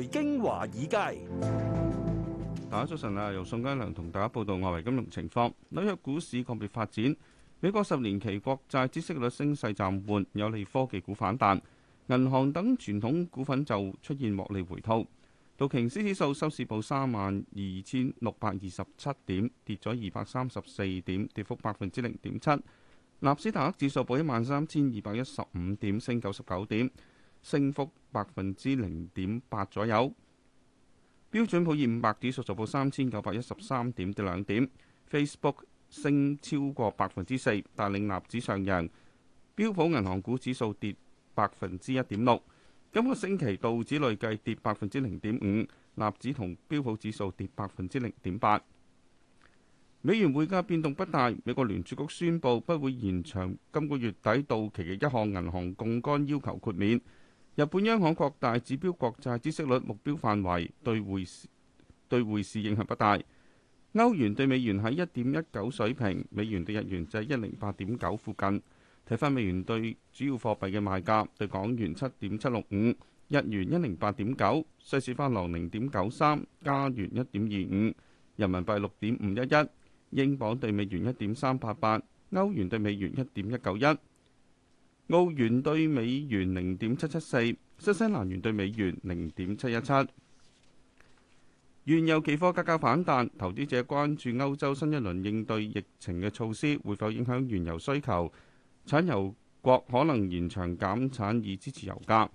財經華爾街，大家早晨啊！由宋嘉良同大家報道外圍金融情況。紐約股市個別發展，美國十年期國債孳息率升勢暫緩，有利科技股反彈，銀行等傳統股份就出現獲利回吐。道瓊斯指數收市報三萬二千六百二十七點，跌咗二百三十四點，跌幅百分之零點七。納斯達克指數報一萬三千二百一十五點，升九十九點。升幅百分之零點八左右，標準普爾五百指數就報三千九百一十三點，跌兩點。Facebook 升超過百分之四，帶領納指上揚。標普銀行股指數跌百分之一點六。今個星期道指累計跌百分之零點五，納指同標普指數跌百分之零點八。美元匯價變動不大。美國聯儲局宣布不會延長今個月底到期嘅一項銀行槓桿要求豁免。日本央行擴大指標國債孳息率目標範圍，對，對匯市對匯市影響不大。歐元對美元喺一點一九水平，美元對日元就係一零八點九附近。睇翻美元對主要貨幣嘅賣價，對港元七點七六五，日元一零八點九，瑞士法郎零點九三，加元一點二五，人民幣六點五一一，英鎊對美元一點三八八，歐元對美元一點一九一。澳元兌美元零點七七四，新西蘭元兌美元零點七一七。原油期貨價格反彈，投資者關注歐洲新一輪應對疫情嘅措施會否影響原油需求，產油國可能延長減產以支持油價。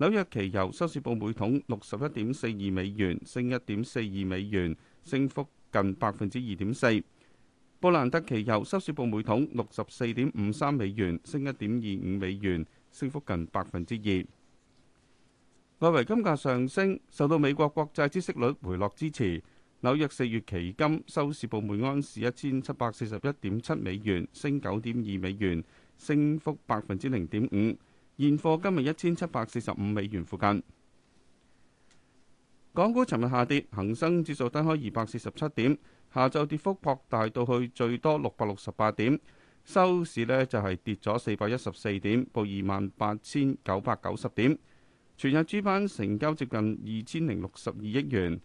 紐約期油收市報每桶六十一點四二美元，升一點四二美元，升幅近百分之二點四。布蘭特期油收市報每桶六十四點五三美元，升一點二五美元，升幅近百分之二。外圍金價上升，受到美國國債孳息率回落支持。紐約四月期金收市報每安士一千七百四十一點七美元，升九點二美元，升幅百分之零點五。現貨今日一千七百四十五美元附近。港股尋日下跌，恒生指數低開二百四十七點，下晝跌幅擴大到去最多六百六十八點，收市呢就係跌咗四百一十四點，報二萬八千九百九十點。全日主板成交接近二千零六十二億元。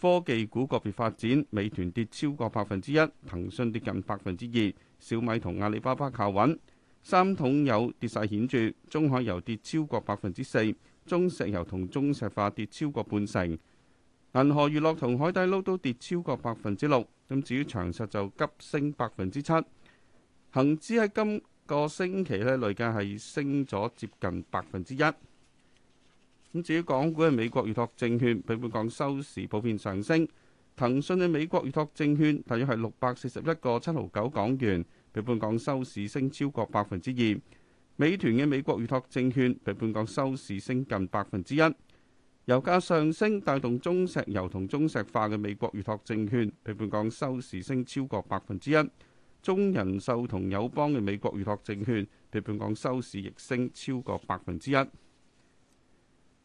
科技股個別發展，美團跌超過百分之一，騰訊跌近百分之二，小米同阿里巴巴靠穩，三桶油跌勢顯著，中海油跌超過百分之四。中石油同中石化跌超過半成，銀河娛樂同海底撈都跌超過百分之六，咁至於長實就急升百分之七，恒指喺今個星期呢累計係升咗接近百分之一，咁至於港股嘅美國預託證券，比本港收市普遍上升，騰訊嘅美國預託證券大約係六百四十一個七毫九港元，比本港收市升超過百分之二。美團嘅美國預託證券比本港收市升近百分之一，油價上升帶動中石油同中石化嘅美國預託證券比本港收市升超過百分之一，中人壽同友邦嘅美國預託證券比本港收市亦升超過百分之一。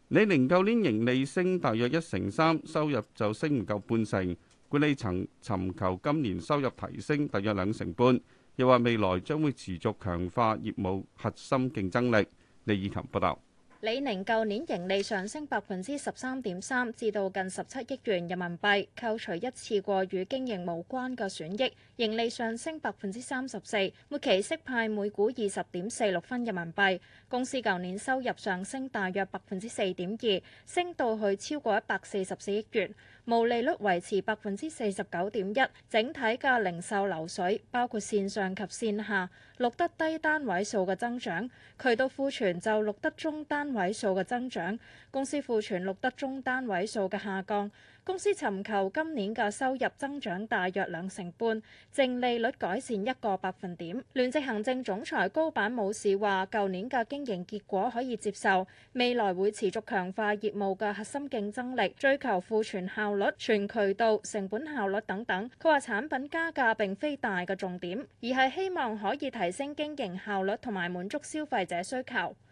李寧舊年盈利升大約一成三，收入就升唔夠半成，管理層尋求今年收入提升大約兩成半。又話未來將會持續強化業務核心競爭力。李以琴報道，李寧舊年盈利上升百分之十三點三，至到近十七億元人民幣，扣除一次過與經營無關嘅損益，盈利上升百分之三十四，末期息派每股二十點四六分人民幣。公司舊年收入上升大約百分之四點二，升到去超過一百四十四億元。毛利率維持百分之四十九點一，整體嘅零售流水包括線上及線下錄得低單位數嘅增長，渠道庫存就錄得中單位數嘅增長，公司庫存錄得中單位數嘅下降。公司尋求今年嘅收入增長大約兩成半，淨利率改善一個百分點。聯席行政總裁高板武士話：舊年嘅經營結果可以接受，未來會持續強化業務嘅核心競爭力，追求庫存效率、全渠道成本效率等等。佢話產品加價並非大嘅重點，而係希望可以提升經營效率同埋滿足消費者需求。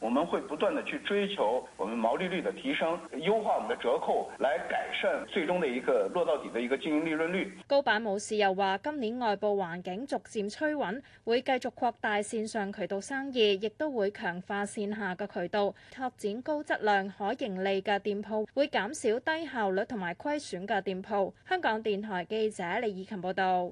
我們會不斷的去追求我們毛利率的提升，優化我們的折扣，來改善最終的一個落到底的一個經營利潤率。高板武士又話：今年外部環境逐漸趨穩，會繼續擴大線上渠道生意，亦都會強化線下嘅渠道，拓展高質量可盈利嘅店鋪，會減少低效率同埋虧損嘅店鋪。香港電台記者李以琴報道。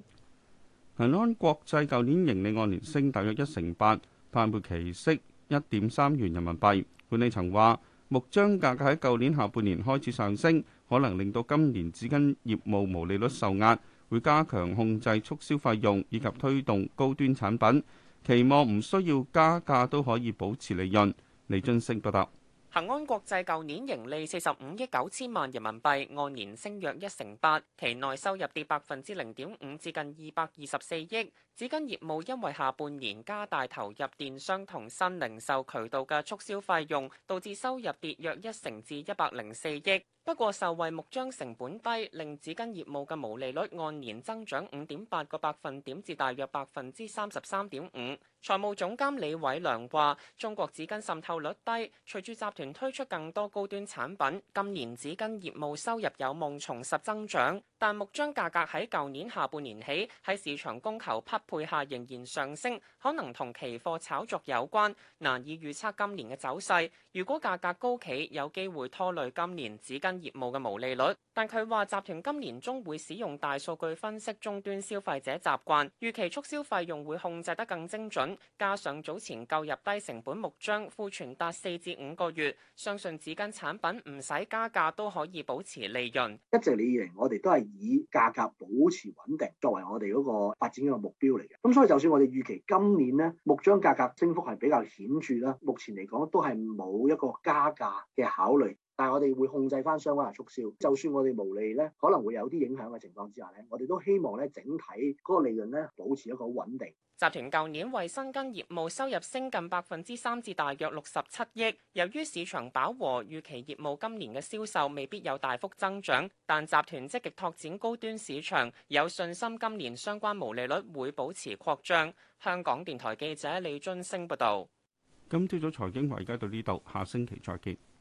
恒安國際舊年盈利按年升大約一成八，淡配期息，一點三元人民幣。管理層話，木漿價格喺舊年下半年開始上升，可能令到今年紙巾業務毛利率受壓，會加強控制促銷費用以及推動高端產品。期望唔需要加價都可以保持利潤。李津升報道。恒安國際舊年盈利四十五億九千萬人民幣，按年升約一成八。期內收入跌百分之零點五，至近二百二十四億。紙巾業務因為下半年加大投入電商同新零售渠道嘅促銷費用，導致收入跌約一成，至一百零四億。不過受惠木漿成本低，令紙巾業務嘅毛利率按年增長五點八個百分點，至大約百分之三十三點五。財務總監李偉良話，中國紙巾滲透率低，隨住集團推出更多高端產品，今年紙巾業務收入有望重拾增長。但木漿價格喺舊年下半年起喺市場供求匹配下仍然上升，可能同期貨炒作有關，難以預測今年嘅走勢。如果價格高企，有機會拖累今年紙巾業務嘅毛利率。但佢話集團今年中會使用大數據分析終端消費者習慣，預期促銷費用會控制得更精準。加上早前購入低成本木漿庫存達四至五個月，相信紙巾產品唔使加價都可以保持利潤。一直以嚟我哋都係以價格保持穩定作為我哋嗰個發展嘅目標嚟嘅。咁所以就算我哋預期今年咧木漿價格升幅係比較顯著啦，目前嚟講都係冇一個加價嘅考慮。但係我哋會控制翻相關嘅促銷。就算我哋無利咧，可能會有啲影響嘅情況之下咧，我哋都希望咧整體嗰個利潤咧保持一個穩定。集團舊年衞生巾業務收入升近百分之三至大約六十七億。由於市場飽和，預期業務今年嘅銷售未必有大幅增長。但集團積極拓展高端市場，有信心今年相關毛利率會保持擴張。香港電台記者李津升報道：「今朝早財經華爾街到呢度，下星期再見。